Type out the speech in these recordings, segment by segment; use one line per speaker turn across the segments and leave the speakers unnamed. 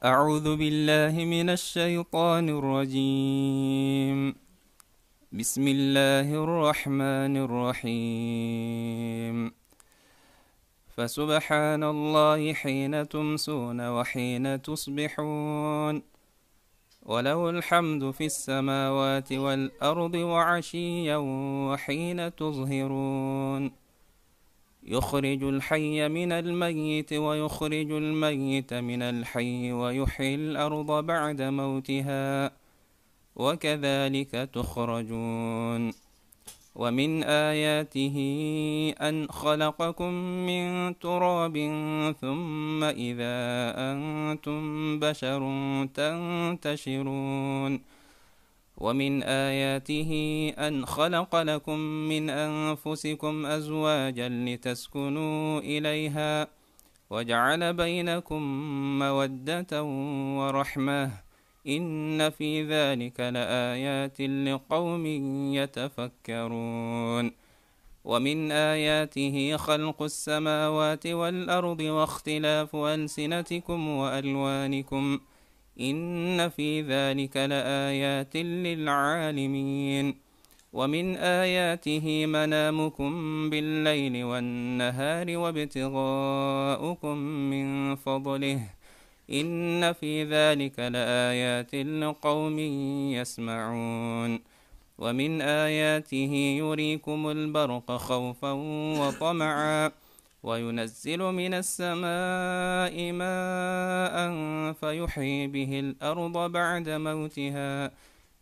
أعوذ بالله من الشيطان الرجيم بسم الله الرحمن الرحيم فسبحان الله حين تمسون وحين تصبحون وله الحمد في السماوات والأرض وعشيا وحين تظهرون يخرج الحي من الميت ويخرج الميت من الحي ويحيي الأرض بعد موتها وكذلك تخرجون ومن آياته أن خلقكم من تراب ثم إذا أنتم بشر تنتشرون ومن آياته أن خلق لكم من أنفسكم أزواجا لتسكنوا إليها وجعل بينكم مودة ورحمة إن في ذلك لآيات لقوم يتفكرون ومن آياته خلق السماوات والأرض واختلاف ألسنتكم وألوانكم ۖ إن في ذلك لآيات للعالمين ومن آياته منامكم بالليل والنهار وابتغاؤكم من فضله إن في ذلك لآيات لقوم يسمعون ومن آياته يريكم البرق خوفا وطمعا وينزل من السماء ماء فيحيي به الأرض بعد موتها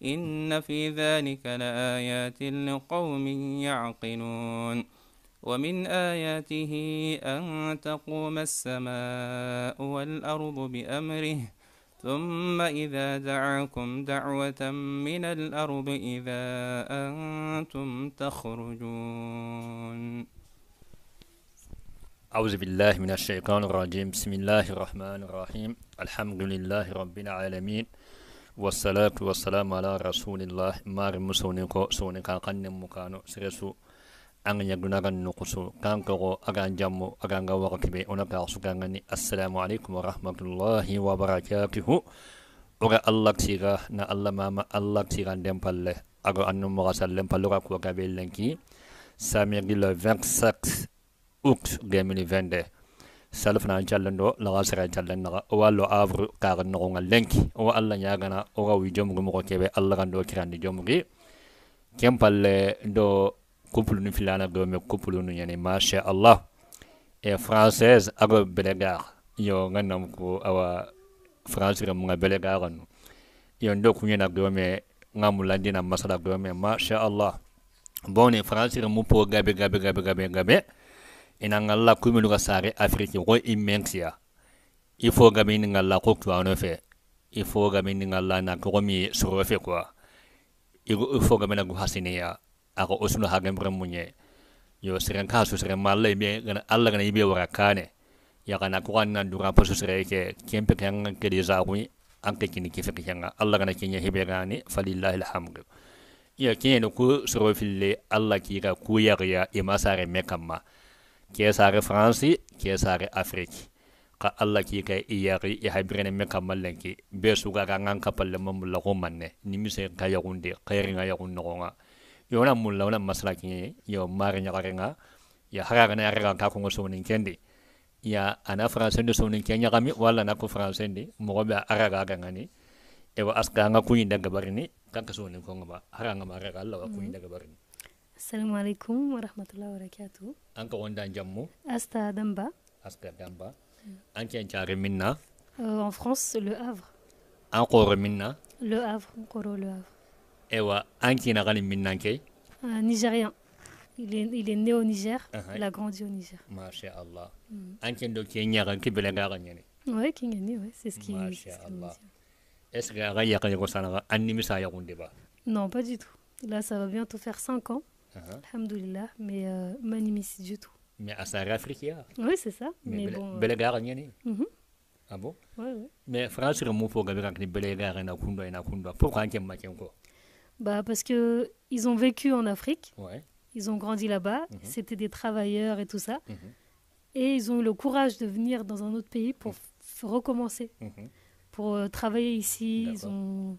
إن في ذلك لآيات لقوم يعقلون ومن آياته أن تقوم السماء والأرض بأمره ثم إذا دعاكم دعوة من الأرض إذا أنتم تخرجون
أعوذ بالله من الشيطان الرجيم بسم الله الرحمن الرحيم الحمد لله رب العالمين والصلاة والسلام على رسول الله مار مسونيكو سونيكا قنن مكانو سرسو أن يغنغن نقصو كان كغو أغان جمو أغان غوغكبي أنكا سكانني السلام عليكم ورحمة الله وبركاته أغا الله تيغا نا الله ماما الله تيغا بالله أغا أنم مغسل لمبالوغا كوكابي لنكي سامي le 25 août 2022 salf na n callen do laga sera n callen naga owa lo avre kagen nogonga lenki owa alla ñagana oga wi jomugi mogo keɓe allah gan do kirandi jomugi ken palle do couple nu filana gome couple nu ñani masha allah e française ago belegar yo gannam ko awa france re muga belegaganu yon do kuñena ngamu landina masala gome masha allah boni e france re mu po gabe gabe gabe gabe gabe inangalla kumelu ka sare afriki ko immensia ifo ga min ngalla ko to anofe ifo ga min ngalla na ko mi surofe ko ifo ga mena gu hasiniya ako usunu hagem remunye yo siren ka su siren malle be gana alla gana ibe wara kane ya kana ko kan nan dura posu sire ke kempe kan ke de zawi an ke kini ke fiki kan alla gana kinya hebe gani falillahi alhamdu ya kinya ko surofe le alla ki ga ku ya ya e masare mekamma kesare fransi kesare afrique ka alla ki ka iyari i habrene me kamallenki be suga ka ngan kapalle mo mulla ko manne ni mise ka yagunde khairin ga yagun no nga yona mulla ona maslaki yo mare nya karenga ya haraga na yaga ka ko so nin kendi ya ana france ndo so nin kenya kami wala na ko france ndi mo go be araga ga ngani e wa aska nga kunyi daga barini kanka so nin ko nga ba haranga ma raga alla wa kunyi daga barini
Salam alaikum wa rahmatullahi wa barakatuh an wanda asta damba
asta damba Anki minna
euh, en france le havre
an koro minna
le havre Encore le havre
ewa anki kina minna
nigérien il est, il est né au Niger, uh-huh. il a grandi au Niger.
Masha Allah. Anki kyan ki belenga
Oui, ki oui, c'est ce qui Masha Allah.
Est-ce que Raya Kanyakosana a animé ça à
Non, pas du tout. Là, ça va bientôt faire 5 ans. Uh mais euh, Manimissi du tout.
Mais à Sarafriquia. Oui, c'est ça. Mais, mais bon. Euh, Belegar mhm. Ah bon Oui, oui. Mais France, le mot pour les c'est Belegar et Nakunda et Nakunda. Pourquoi
Bah, parce que ils ont vécu en Afrique. Ouais. Ils ont grandi là-bas. Mhm. C'était des travailleurs et tout ça. Mhm. Et ils ont eu le courage de venir dans un autre pays pour recommencer. Pour euh, travailler ici. Ils ont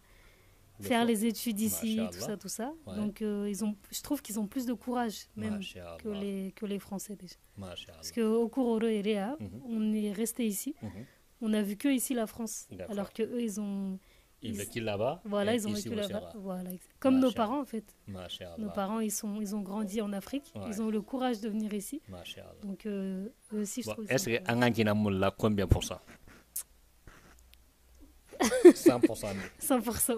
faire les études ici, tout ça, tout ça. Donc, euh, ils ont, je trouve qu'ils ont plus de courage même que les, que les Français déjà. Parce qu'au cours et Réa, mhm. on est resté ici. Mhm. On a vu que ici la France, alors que ils ont. Ils, vécu là-bas. Voilà, ils ont vécu là-bas. Voilà, comme nos parents en fait. Nos parents, ils sont, ils ont grandi en Afrique. Ils ont eu le courage de venir ici. Donc euh, eux aussi, je trouve. Est-ce
que là, combien pour ça 100%.
100%.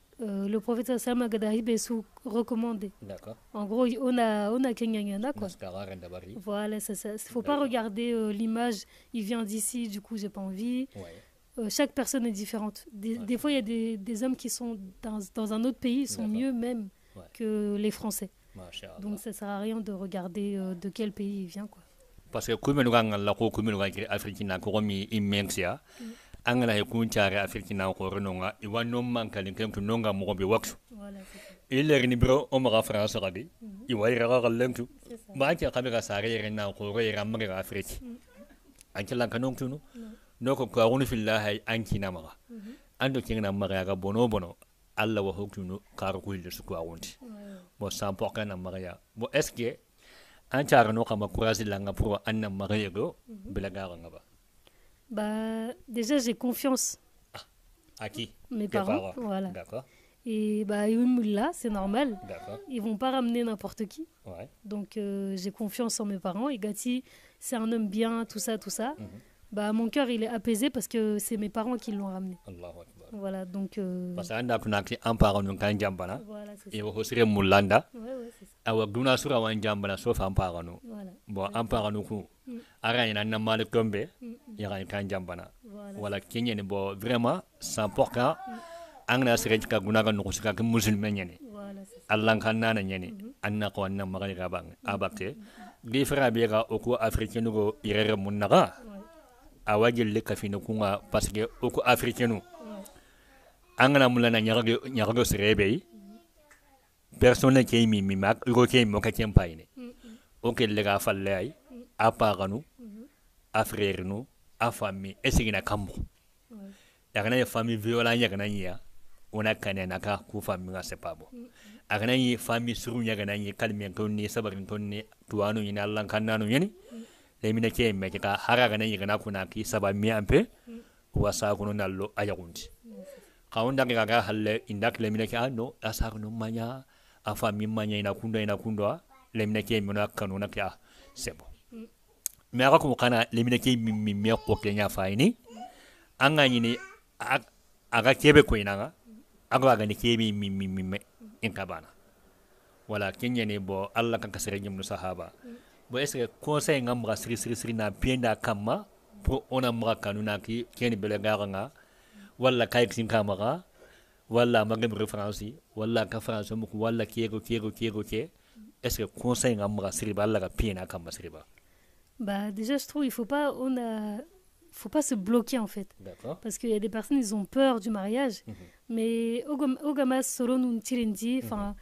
Euh, le prophète Salma est recommandé En gros, on a, a Voilà, Il ne faut pas regarder euh, l'image, il vient d'ici, du coup, j'ai pas envie. Euh, chaque personne est différente. Des, fois, il y a des, hommes qui sont dans, un autre pays, ils sont mieux même que les Français. Donc, ça ne sert à rien de regarder de quel pays il vient.
Parce que, comme nous nous an gana hekun care afirki na koro nonga iwa non man kalin kem tu nonga mo be waksu iler ni bro o maga france gadi iwa ira ga galen tu ma ke kabe ga sare ira na koro ira mre ga afirki an kilan kanon tu no no ko ka woni fillah ay an kina maga ando do na maga ga bono bono alla wa hoktu no kar ko ilir su ko awonti bo sampo na maga ya bo eske an cara no kama kurasi langa pro an na maga go bilaga ga ba
Bah, déjà, j'ai confiance.
Ah, à qui Mes parents, voilà. D'accord.
Et bah, là, c'est normal. Ils vont pas ramener n'importe qui. Donc, euh, j'ai confiance en mes parents. Et Gati, c'est un homme bien, tout ça, tout ça. Mhm. Bah, mon cœur, il est apaisé parce que c'est mes parents qui l'ont ramené. voilà, donc... Euh,
yaxa kan jambana wala keñeni bo vraiment sans pourquoi mm. angana sere ka gunaga nuxusi kake musulme ñeni allanka nana ñeni mm-hmm. anna ko anna magari ga bang mm-hmm. abakte mm-hmm. li fera be ga oku africainu go irere mun naga awajil le kafina kunga parce que oku africainu angana mulana ñaga ñaga go sere be personne ke mi mi mak ro ke mo ka kempayne o ke le ga falle ay apa ganu afrerinu a fami e seginna kan bɔ kana fami viyola ɲɛ kana ɲɛ ona kane na ka ku fami ga se a kana ye fami suru ɲɛ kana ɲɛ kalmi ko ni sabarin ko ni tuwanu ɲina Allah kan nanu ɲini le mina ke me ka hara kana ɲɛ kana kuna ki saba ampe wasa kuno nallo ayagundi kaunda ke ga halle indak le mina ke ano asa kuno manya afa mi ina kunda ina kunda le mina ke mona kanuna ka sebo mɛ a ka kun kana leminɛke min mɛ kɛ ɲa fa ɲini an ka ɲini a ka kebe ko ina ga ako aga ni kebe min e in ka bana wala kenya ne bo kan kasere nyum sahaba bo ese conseil nga mga siri na pienda kama pour ona mga kanuna ki keni bele gara wala kai kin kama ga wala magam reference wala ka france mu wala kiego kiego kiego ke ese conseil nga mga siri ba Allah ka piena kama siri
Bah déjà, je trouve il faut pas on a faut pas se bloquer en fait. Parce qu'il y a des personnes, ils ont peur du mariage. Mhm. mais Mais Ogamas Soron mhm. enfin,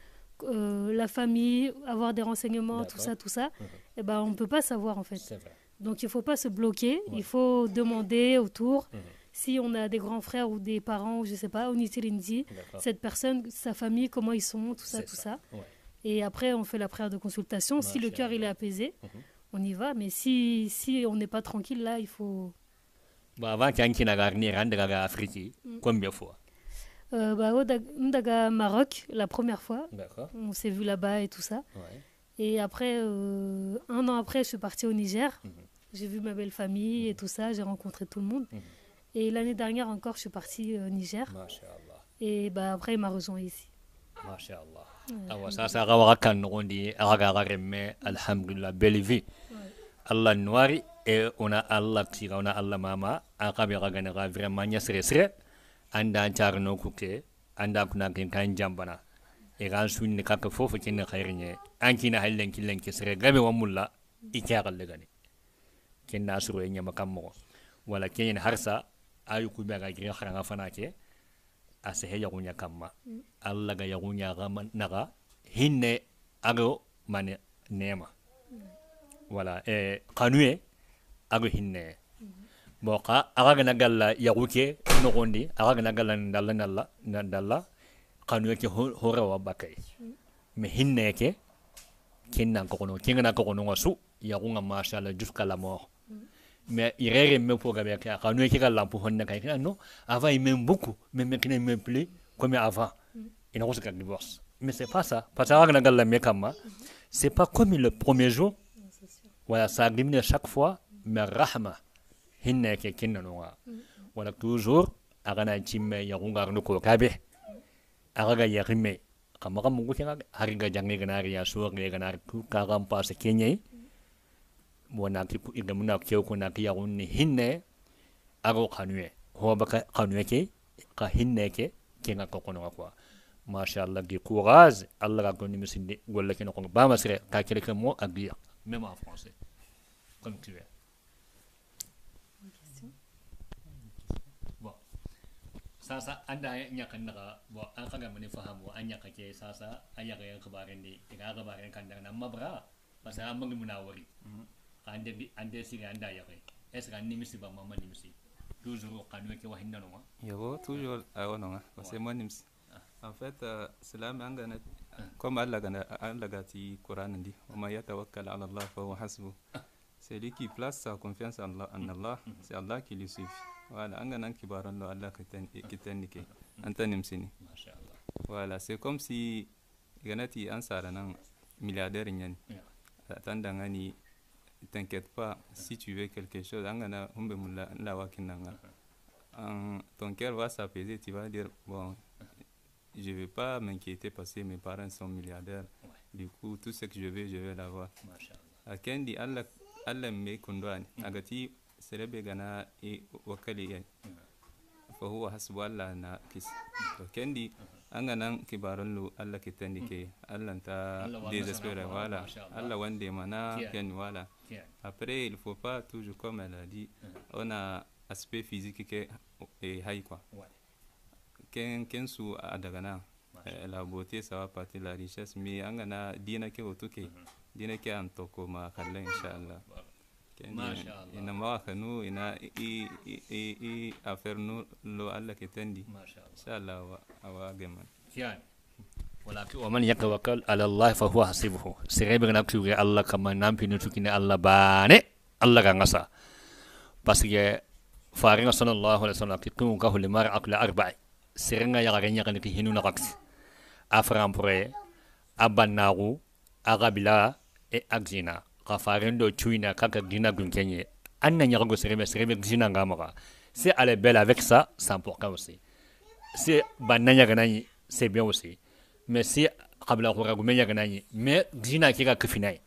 euh, la famille, avoir des renseignements, tout ça, tout ça, mhm. et eh ben on ne peut pas savoir en fait. Vrai. Donc il ne faut pas se bloquer, il faut demander autour. Si on a des grands frères ou des parents, ou je sais pas, cette personne, sa famille, comment ils sont, tout ça, tout ça. Et après, on fait la prière de consultation. si le cœur il est apaisé, on y va. Mais si, si on n'est pas tranquille, là, il faut.
Bah, avant qu'il y ait un Afrique, combien de fois
euh, bah, au Maroc, la première fois. On s'est vu là-bas et tout ça. Ouais. Et après, euh, un an après, je suis partie au Niger. Mm-hmm. J'ai vu ma belle famille et mm-hmm. tout ça. J'ai rencontré tout le monde. Mm-hmm. Et l'année dernière encore, je suis partie au euh, Niger. Et bah, après, il m'a rejoint ici.
awa sasa akawa kakanno gondi akaka akaremme alhamdulillah belle vie allah noiri e ona allah tira ona allah mama akabe kagane ka vraiment nya sere sere anda carno kuke anda kuna ken kan jambana e kan sunni kaka fofo kinne khairnye an kina hallen killen kisre gabe wa mulla ikya galle gane ken nasru e nya makammo wala ken harsa ayu kubaga gire kharanga fanake asehe yagunya kama mm. alla ga yagunya gama naga hinne ago mane nema mm. wala e kanuye ago hinne mm. boka aga gana galla yaguke nogondi aga gana galla ndalla ndalla ndalla kanuye ke hore wa bakai me hinne ke kinna kokono kinna kokono wasu yagunga mashallah jusqu'à la mort mais il est même pour que Quand nous écrivons non, avant il beaucoup, mais maintenant il m'aime plus comme avant. Mm-hmm. Il de divorce. Mais c'est pas ça. Parce que quand on l'a hein. mm-hmm. c'est pas comme le premier jour. Voilà, ça diminue chaque fois, mais rahma. Mm-hmm. Voilà, toujours, chimme kabe. ganari ganari, monaki igamuna keo konaki yagunni hinne ago kanue hoba ka kanue ke ka hinne ke kenga ko kono ko masha Allah gi courage Allah ga gonni misinde golle ken ko ba masre ka kele ke mo agbi même en français comme tu veux sasa anda nyakan daga bo an kaga mani fahamu an nyaka ke sasa ayaga yang kabarin ni tiga kabarin kandang na mabra pasal amang munawari mm -hmm. ande bi ande sini anda ya kai es kan nimisi ba mama nimisi toujours kanu ke wahinda no ma
yo toujours ayo ah, oh, no ma parce que moi nimisi ah. en fait euh, cela me angana ah. comme Allah gana Allah gati Quran ndi wa ma yatawakkal ala Allah fa huwa hasbu c'est lui qui place sa confiance en Allah, en mm. Allah mm-hmm. c'est Allah qui lui suffit voilà angana kibaran lo Allah ki tanike mm-hmm. anta nimsini masha Allah voilà c'est comme si ganati an sara nan milliardaire nyani tan dangani t'inquiète pas, si tu veux quelque chose, ton cœur va s'apaiser, tu vas dire, bon, je ne vais pas m'inquiéter parce que mes parents sont milliardaires. Du coup, tout ce que je veux, je vais l'avoir. Akendi Allah Allah me kundwani agati serebe gana et wakali ya. Fahuwa hasbu Allah na Akendi an ga nan kibarun lu allah ki tani ke allah ta désespéré wala allah wande mana ken wala après il faut pas toujours comme elle a dit eh. on a aspect physique ke e hay ken su a daga nan la beauté ça va partir la richesse mais an ga na dina ke hoto ke mm-hmm. dina ke an toko ma kallan insha allah ma sha Allah ina mawaka nu ina i i i afer nu lo Allah ke tandi ma sha Allah sha Allah wa awa gaman yani ولكن ومن
يتوكل على الله فهو حسبه سيغيب نكتو الله كما نام في نتوكين الله باني الله غنسا بس فارغ صلى الله عليه وسلم كتكون كهو لمار أقل أربع سيرنا يغرين يغنك هنو نغكس أفرام بري أبناغو أغبلا أغزينا kafarin da ka ka dina gunkenye an nan yago sereme sereme dina ngamaka c'est à la belle avec ça c'est important aussi c'est bananya ganani c'est bien aussi mais si kabla kura gumenya ganani mais dina kika kifinai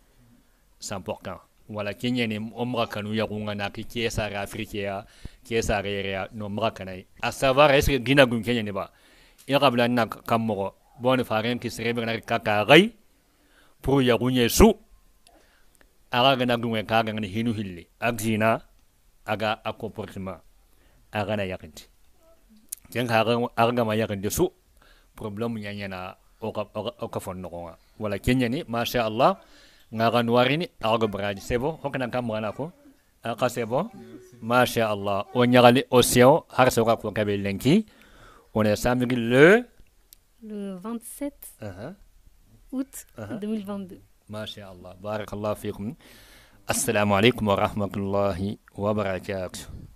c'est important wala kenye ne omra kanu ya kunga na ki kesa ra afrika ya kesa ra ya no mra kanai a savoir est-ce que dina gun kenya ne ba ya kabla na kamoro bonne farin ki sereme ganari ka gai pour ya gunye su aga gana gunwe ka aga hinu hilli agzina aga a comportement aga na yakindi jeng ka aga aga ma yakindi su problem nyanya na oka oka fon no wala kenya ni masha Allah ngaga nuari ni aga baraji sebo hokana kam ngana ko aga sebo masha Allah o nyagali sio har so ka ko kabe lenki on est samedi le
le 27 uh -huh. août uh -huh. 2022
ما شاء الله بارك الله فيكم السلام عليكم ورحمة الله وبركاته